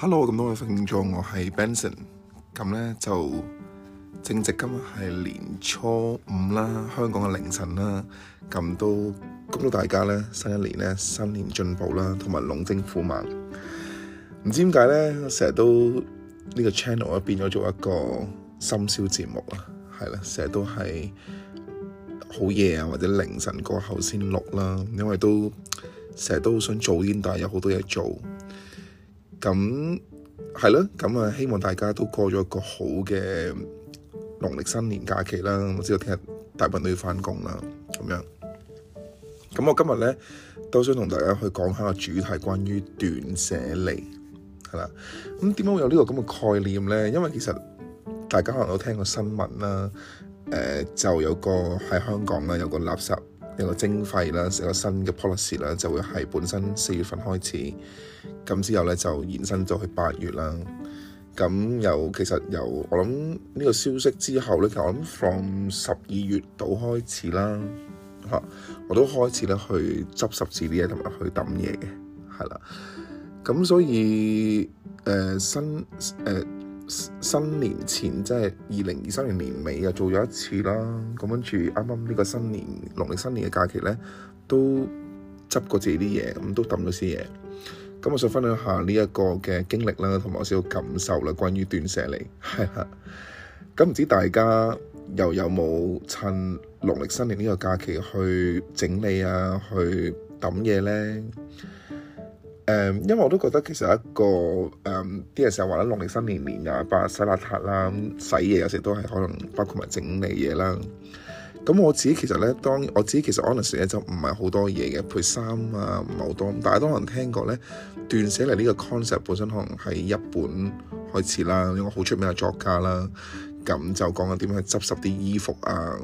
Hello，咁多位聽眾，我係 Benson，咁咧就正值今日係年初五啦，香港嘅凌晨啦，咁都恭祝大家咧新一年咧新年進步啦，同埋龍精虎猛。唔知點解咧，這個、成日都呢個 channel 咧變咗做一個深宵節目啊，係啦，成日都係好夜啊，或者凌晨過後先錄啦，因為都成日都好想做啲，但係有好多嘢做。咁係咯，咁啊希望大家都過咗一個好嘅農曆新年假期啦。我知道聽日大部分都要返工啦，咁樣。咁我今日咧都想同大家去講下個主題，關於斷捨離，係啦。咁點解會有呢個咁嘅概念咧？因為其實大家可能都聽過新聞啦，誒就有個喺香港啦，有個垃圾。一個徵費啦，一個新嘅 policy 啦，就會係本身四月份開始，咁之後咧就延伸咗去八月啦。咁由其實由我諗呢個消息之後咧，其實我諗 from 十二月度開始啦，吓我都開始咧去執十字啲嘢，同埋去抌嘢嘅，係啦。咁所以誒、呃、新誒。呃新年前即係二零二三年年尾又做咗一次啦，咁跟住啱啱呢個新年農曆新年嘅假期呢，都執過自己啲嘢，咁都抌咗啲嘢。咁我想分享下呢一個嘅經歷啦，同埋我少少感受啦，關於斷捨離，係啦。咁唔 知大家又有冇趁農曆新年呢個假期去整理啊，去抌嘢呢？誒，um, 因為我都覺得其實一個誒，啲人成日話咧，農曆新年，年廿八洗邋遢啦，洗嘢有時都係可能，包括埋整理嘢啦。咁、嗯、我自己其實咧，當我自己其實可能成日就唔係好多嘢嘅，配衫啊唔係好多。但係多人聽過咧，斷捨離呢個 concept 本身可能喺日本開始啦，因為好出名嘅作家啦。咁、嗯、就講緊點樣去執拾啲衣服啊，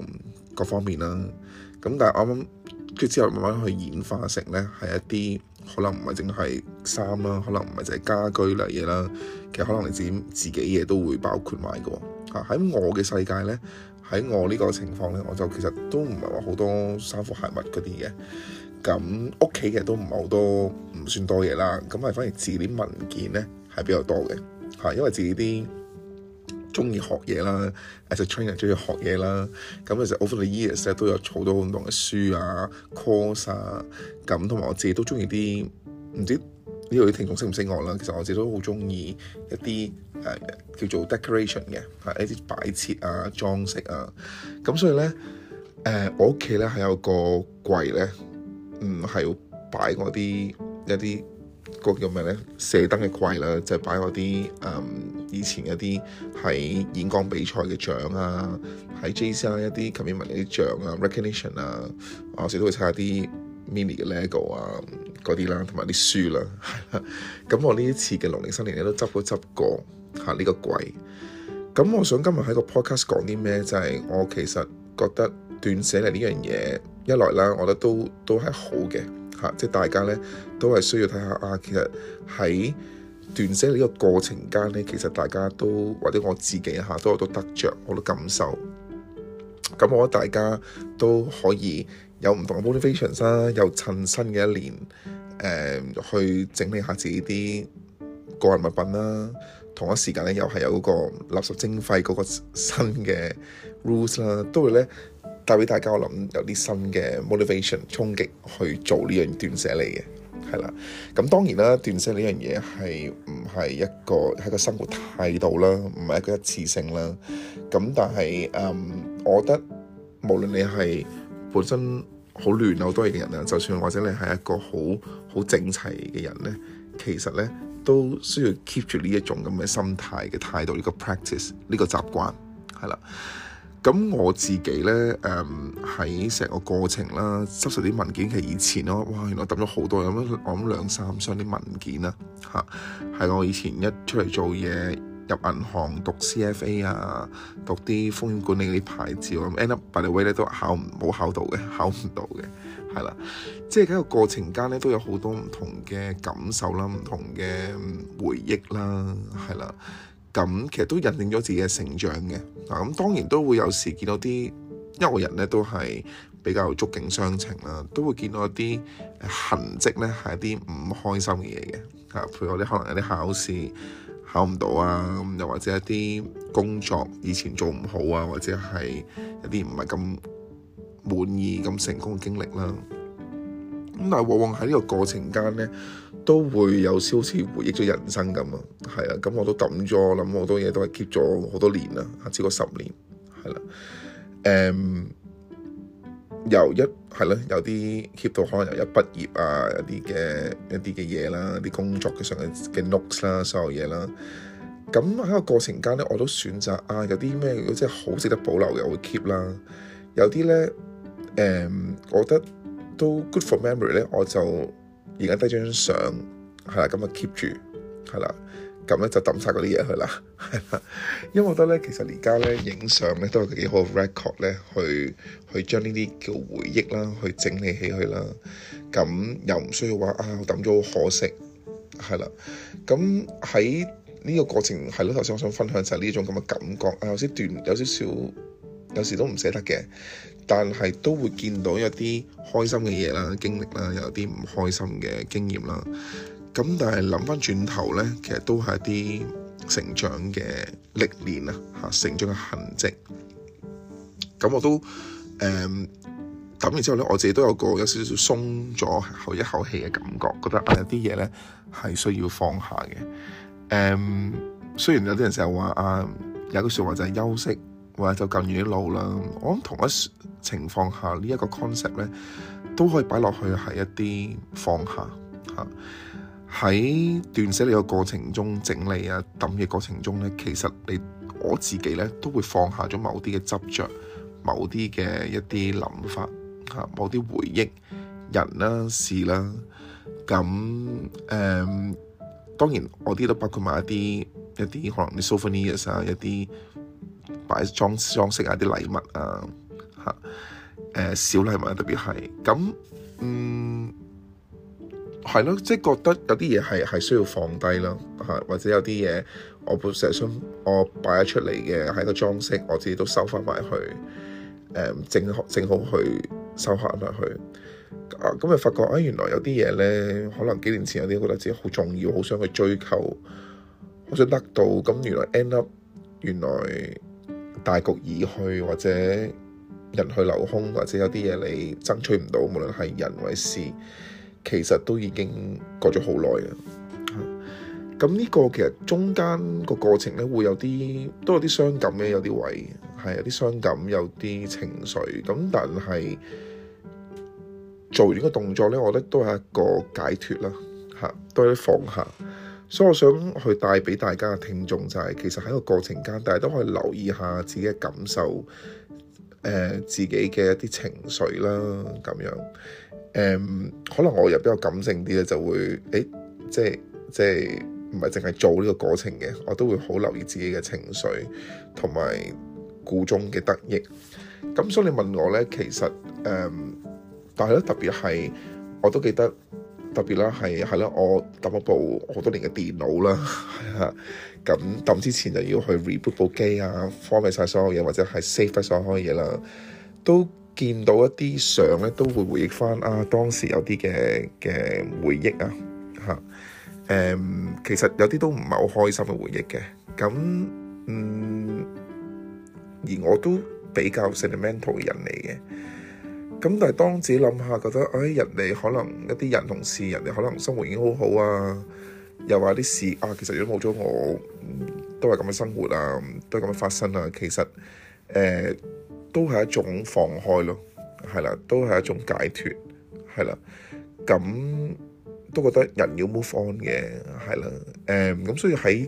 各方面啦、啊。咁、嗯、但係我諗。跟住之後慢慢去演化成咧，係一啲可能唔係淨係衫啦，可能唔係淨係家居類嘢啦。其實可能你自己自己嘢都會包括埋嘅。嚇喺我嘅世界咧，喺我呢個情況咧，我就其實都唔係話好多衫褲鞋襪嗰啲嘅。咁屋企嘅都唔係好多，唔算多嘢啦。咁係反而自己啲文件咧係比較多嘅嚇，因為自己啲。中意學嘢啦，as a trainer 中意學嘢啦。咁、嗯、其實 over the years 咧都有儲到好多嘅書啊、course 啊。咁同埋我自己都中意啲，唔知呢度啲聽眾識唔識我啦。其實我自己都好中意一啲誒、呃、叫做 decoration 嘅，係、啊、一啲擺設啊、裝飾啊。咁、嗯、所以咧，誒、呃、我屋企咧係有個櫃咧，嗯，係擺嗰啲一啲個叫咩咧，射燈嘅櫃啦，就係、是、擺嗰啲誒。嗯以前一啲喺演講比賽嘅獎啊，喺 Jazz 啊一啲琴絃文一啲獎啊 recognition 啊，我有時都會睇下啲 mini 嘅 lego 啊，嗰啲啦，同埋啲書啦、啊。咁 我呢一次嘅農曆新年，我都執都執過嚇呢個櫃。咁我想今日喺個 podcast 講啲咩？就係、是、我其實覺得斷捨離呢樣嘢，一來啦，我覺得都都係好嘅嚇、啊，即係大家咧都係需要睇下啊，其實喺斷捨離呢個過程間呢，其實大家都或者我自己吓，都有多得着好多感受。咁我覺得大家都可以有唔同嘅 motivation 啦，又趁新嘅一年，誒、嗯、去整理下自己啲個人物品啦。同一時間咧，又係有嗰個垃圾徵費嗰個新嘅 rules 啦，都會呢帶俾大家，我諗有啲新嘅 motivation 衝擊去做呢樣斷捨離嘅。係啦，咁、嗯、當然啦，斷捨離呢樣嘢係唔係一個喺個生活態度啦，唔係一個一次性啦。咁但係誒、嗯，我覺得無論你係本身好亂又好多嘢嘅人啊，就算或者你係一個好好整齊嘅人咧，其實咧都需要 keep 住呢一種咁嘅心態嘅態度，呢、呢個 practice 呢個習慣，係啦。咁我自己咧，誒喺成個過程啦，執拾啲文件，其實以前咯，哇，原來揼咗好多咁，我諗兩三箱啲文件啦，嚇、啊，係咯，我以前一出嚟做嘢，入銀行讀 CFA 啊，讀啲風險管理嗰啲牌照，end、啊、up by the way，咧都考唔冇考到嘅，考唔到嘅，係啦，即係喺個過程間咧，都有好多唔同嘅感受啦，唔同嘅回憶啦，係啦。咁其實都引領咗自己嘅成長嘅，嗱，咁當然都會有時見到啲因為人咧都係比較觸景傷情啦，都會見到一啲痕跡咧係一啲唔開心嘅嘢嘅，啊，譬如我哋可能有啲考試考唔到啊，又或者一啲工作以前做唔好啊，或者係一啲唔係咁滿意咁成功嘅經歷啦。咁但係往往喺呢個過程間咧。都會有少少回憶咗人生咁啊，係啊，咁我都揼咗，我諗好多嘢都係 keep 咗好多年啦，超過十年，係啦，誒、um，由一係咯，有啲 keep 到可能由一畢業啊，有一啲嘅一啲嘅嘢啦，啲工作嘅上嘅嘅 notes 啦、啊，所有嘢啦、啊，咁喺個過程間咧，我都選擇啊，有啲咩如果真係好值得保留嘅，我會 keep 啦，有啲咧，um，我覺得都 good for memory 咧，我就。而家低張相係啦，咁啊 keep 住係啦，咁咧就抌晒嗰啲嘢去啦。係啦，因為我覺得咧，其實而家咧影相咧都係幾好 record 咧，去去將呢啲叫回憶啦，去整理起去啦。咁又唔需要話啊我抌咗好可惜係啦。咁喺呢個過程係咯，頭先我想分享就係呢種咁嘅感覺啊，有少斷，有少少，有時都唔捨得嘅，但係都會見到一啲開心嘅嘢啦、經歷啦，有啲唔開心嘅經驗啦。咁但係諗翻轉頭呢，其實都係一啲成長嘅歷練啊，嚇成長嘅痕跡。咁我都誒，咁、嗯、然之後呢，我自己都有一個有少少鬆咗口一口氣嘅感覺，覺得有啲嘢呢係需要放下嘅。誒、嗯，雖然有啲人成日話啊，有句説話就係休息。或者就更遠啲路啦，我諗同一情況下，這個、呢一個 concept 咧，都可以擺落去係一啲放下嚇。喺、啊、斷捨離嘅過、啊、過程中，整理啊抌嘅過程中咧，其實你我自己咧都會放下咗某啲嘅執着、某啲嘅一啲諗法嚇、啊，某啲回憶人啦、啊、事啦、啊。咁誒、嗯，當然我啲都包括埋一啲一啲可能你 Souvenirs 啊一啲。擺裝裝飾啊，啲禮物啊，嚇誒小禮物特別係咁、啊，嗯係咯，即係、就是、覺得有啲嘢係係需要放低咯嚇，或者有啲嘢我本成日想我擺咗出嚟嘅喺個裝飾，我自己都收翻埋去誒，正好正好去收翻埋去咁又、啊、發覺啊，原來有啲嘢咧，可能幾年前有啲覺得自己好重要，好想去追求，好想得到咁、啊，原來 end up 原來。大局已去，或者人去樓空，或者有啲嘢你爭取唔到，無論係人或事，其實都已經過咗好耐啦。咁呢個其實中間個過程呢，會有啲都有啲傷感嘅，有啲位係有啲傷感，有啲情緒。咁但係做完個動作呢，我覺得都係一個解脫啦，都嚇，係放下。所以、so, 我想去帶俾大家嘅聽眾就係、是，其實喺個過程間，大家都可以留意下自己嘅感受，誒、呃、自己嘅一啲情緒啦，咁樣。誒、嗯、可能我又比較感性啲咧，就會誒、欸、即係即係唔係淨係做呢個過程嘅，我都會好留意自己嘅情緒同埋故中嘅得益。咁所以你問我咧，其實誒、嗯，但係咧特別係我都記得。特別啦，係係啦，我抌一部好多年嘅電腦啦，嚇咁抌之前就要去 reboot 部機啊，format 曬所有嘢或者係 save 晒所有嘢啦，都見到一啲相咧，都會回憶翻啊，當時有啲嘅嘅回憶啊嚇誒、嗯，其實有啲都唔係好開心嘅回憶嘅，咁嗯而我都比較 sentimental 嘅人嚟嘅。咁但係當自己諗下，覺得誒、哎、人哋可能一啲人同事，人哋可能生活已經好好啊，又話啲事啊，其實如果冇咗我，都係咁嘅生活啊，都係咁樣發生啊，其實誒、呃、都係一種放開咯，係啦，都係一種解脫，係啦，咁都覺得人要 move on 嘅，係啦，誒、呃、咁所以喺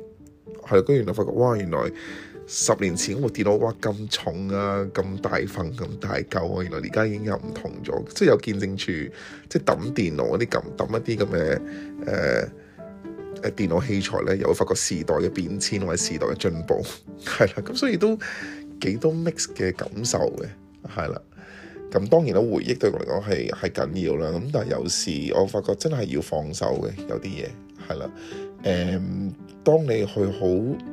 係居然就發覺，哇原來～十年前嗰部電腦，哇咁重啊，咁大份咁大嚿啊，原來而家已經又唔同咗，即係有見證住，即係揼電腦嗰啲撳揼一啲咁嘅誒誒電腦器材咧，又會發覺時代嘅變遷或者時代嘅進步，係啦，咁所以都幾多 mix 嘅感受嘅，係啦，咁當然啦，回憶對我嚟講係係緊要啦，咁但係有時我發覺真係要放手嘅，有啲嘢係啦。誒，um, 當你去好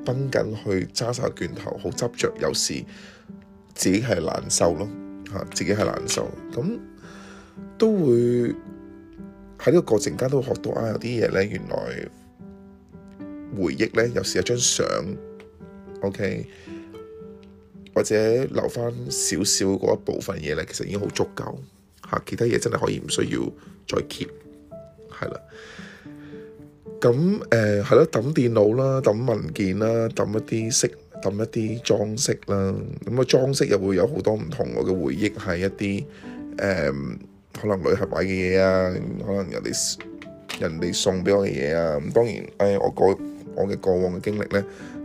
繃緊去揸晒拳頭，好執着，有時自己係難受咯，吓、啊、自己係難受，咁、啊、都會喺呢個過程間都會學到啊，有啲嘢咧，原來回憶咧，有時有張相，OK，或者留翻少少嗰一部分嘢咧，其實已經好足夠，吓、啊、其他嘢真係可以唔需要再 keep，係啦。咁誒係咯，抌、嗯、電腦啦，抌文件啦，抌一啲飾，抌一啲裝飾啦。咁啊裝飾又會有好多唔同我嘅回憶，係一啲誒可能旅行買嘅嘢啊，可能人哋人哋送俾我嘅嘢啊。咁當然誒、哎、我過我嘅過往嘅經歷咧，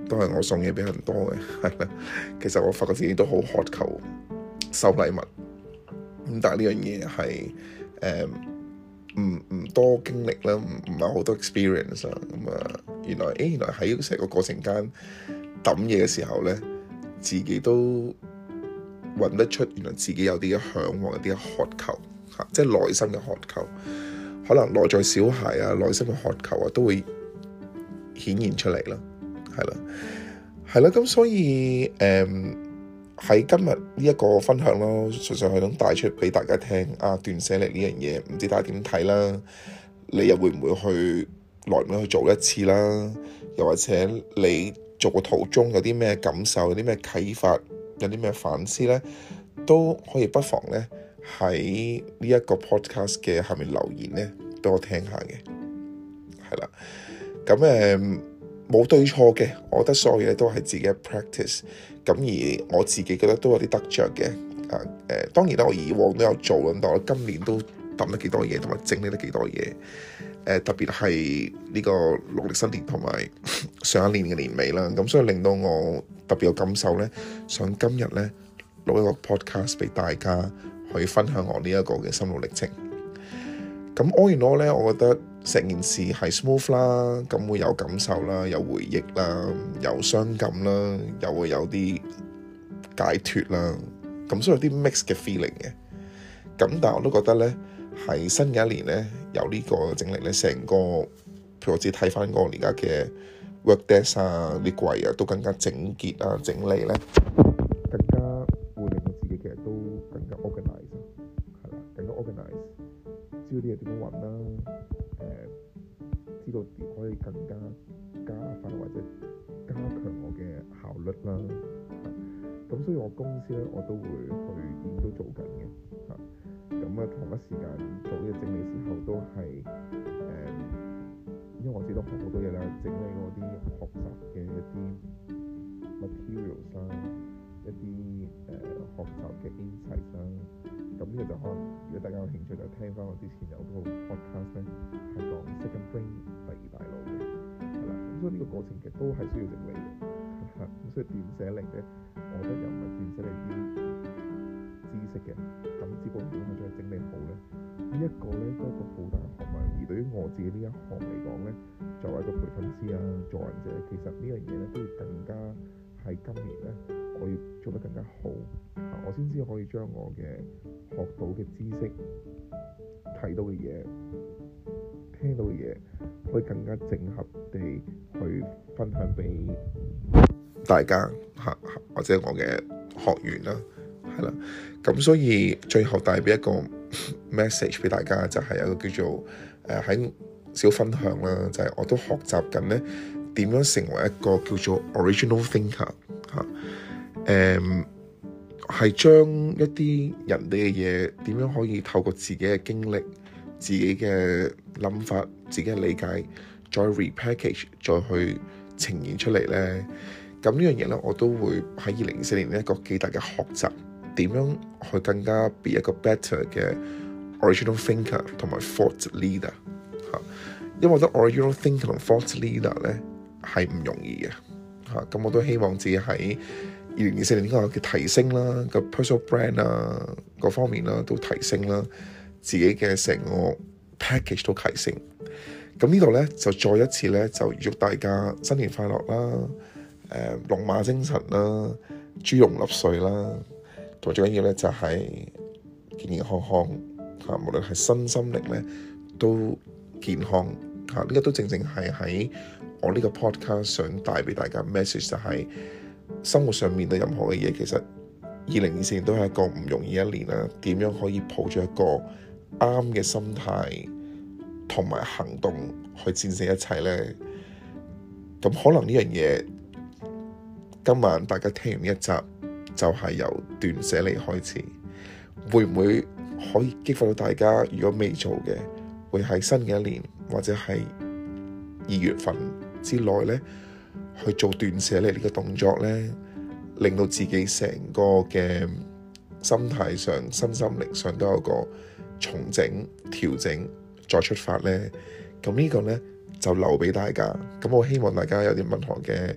都係我送嘢俾人多嘅，係咪？其實我發覺自己都好渴求收禮物，咁但係呢樣嘢係誒。嗯唔唔多經歷啦，唔唔係好多 experience 啊咁啊。原來，哎原來喺成個過程間揼嘢嘅時候咧，自己都揾得出原來自己有啲嘅嚮往，有啲嘅渴求嚇，即係內心嘅渴求，可能內在小孩啊，內心嘅渴求啊，都會顯現出嚟啦，係啦，係啦。咁所以誒。嗯喺今日呢一個分享咯，純粹係咁帶出俾大家聽啊，斷捨離呢樣嘢，唔知大家點睇啦？你又會唔會耐唔耐去做一次啦？又或者你做嘅途中有啲咩感受、有啲咩啟發、有啲咩反思呢？都可以不妨呢，喺呢一個 podcast 嘅下面留言呢，俾我聽下嘅。係啦，咁誒。嗯冇對錯嘅，我覺得所有嘢都係自己嘅 practice。咁而我自己覺得都有啲得着嘅。啊誒，當然啦，我以往都有做啦，但我，今年都抌得幾多嘢，同埋整理得幾多嘢。特別係呢個農曆新年同埋上一年嘅年尾啦。咁所以令到我特別有感受呢，想今日呢，錄一個 podcast 俾大家去分享我呢一個嘅心路歷程。咁 all 呢，我覺得。成件事係 smooth 啦，咁會有感受啦，有回憶啦，有傷感啦，又會有啲解脫啦，咁所以有啲 mix 嘅 feeling 嘅。咁但係我都覺得咧，喺新嘅一年咧，有呢個整理咧，成個譬如我自己睇翻嗰個而家嘅 work desk 啊，啲櫃啊都更加整潔啊，整理咧。公司咧我都會去都做緊嘅，嚇咁啊，同一時間做呢個整理時候，都係，誒、嗯，因為我知道好多嘢啦，整理我啲學習嘅一啲 materials 啊，一啲誒、呃、學習嘅 insight 啦、啊。咁呢、這個就可能如果大家有興趣就是，聽翻我之前有個 podcast 咧係講 second brain 第二大腦嘅，係、啊、啦，咁所以呢個過程其實都係需要整理嘅。咁所以點寫咧，我覺得又唔係點寫呢啲知識嘅，咁只不過係將佢整理好咧。呢一個咧都係一個好大嘅學問。而對於我自己呢一行嚟講咧，作為一個培訓師啊、助人者，其實呢樣嘢咧都要更加喺今年咧，可以做得更加好，我先至可以將我嘅學到嘅知識、睇到嘅嘢、聽到嘅嘢，可以更加整合地去分享俾大家嚇，或者我嘅學員啦，係啦，咁所以最後帶俾一個 message 俾大家就係、是、一個叫做誒喺、呃、小分享啦，就係、是、我都學習緊咧點樣成為一個叫做 original thinker 嚇、啊、誒，係、um, 將一啲人哋嘅嘢點樣可以透過自己嘅經歷、自己嘅諗法、自己嘅理解再 repackage 再去呈現出嚟咧。咁呢樣嘢咧，我都會喺二零二四年一個幾大嘅學習點樣去更加 be 一個 better 嘅 original thinker 同埋 thought leader 嚇。因為我覺得 original thinker 同 thought leader 咧係唔容易嘅嚇。咁、啊、我都希望自己喺二零二四年應該有嘅提升啦，個 personal brand 啊各方面啦都提升啦，自己嘅成個 package 都提升。咁呢度咧就再一次咧就祝大家新年快樂啦！誒龍馬精神啦，豬籠入水啦，同最緊要咧就係健健康康吓，無論係身心靈咧都健康吓。呢個都正正係喺我呢個 podcast 想帶俾大家 message，就係、是、生活上面對任何嘅嘢，其實二零二四年都係一個唔容易一年啦。點樣可以抱住一個啱嘅心態同埋行動去戰勝一切咧？咁可能呢樣嘢。今晚大家聽完一集，就係、是、由斷捨離開始，會唔會可以激發到大家？如果未做嘅，會喺新嘅一年或者係二月份之內呢去做斷捨離呢個動作呢，令到自己成個嘅心態上、身心靈上都有個重整、調整再出發呢，咁呢個呢，就留俾大家。咁我希望大家有啲問學嘅。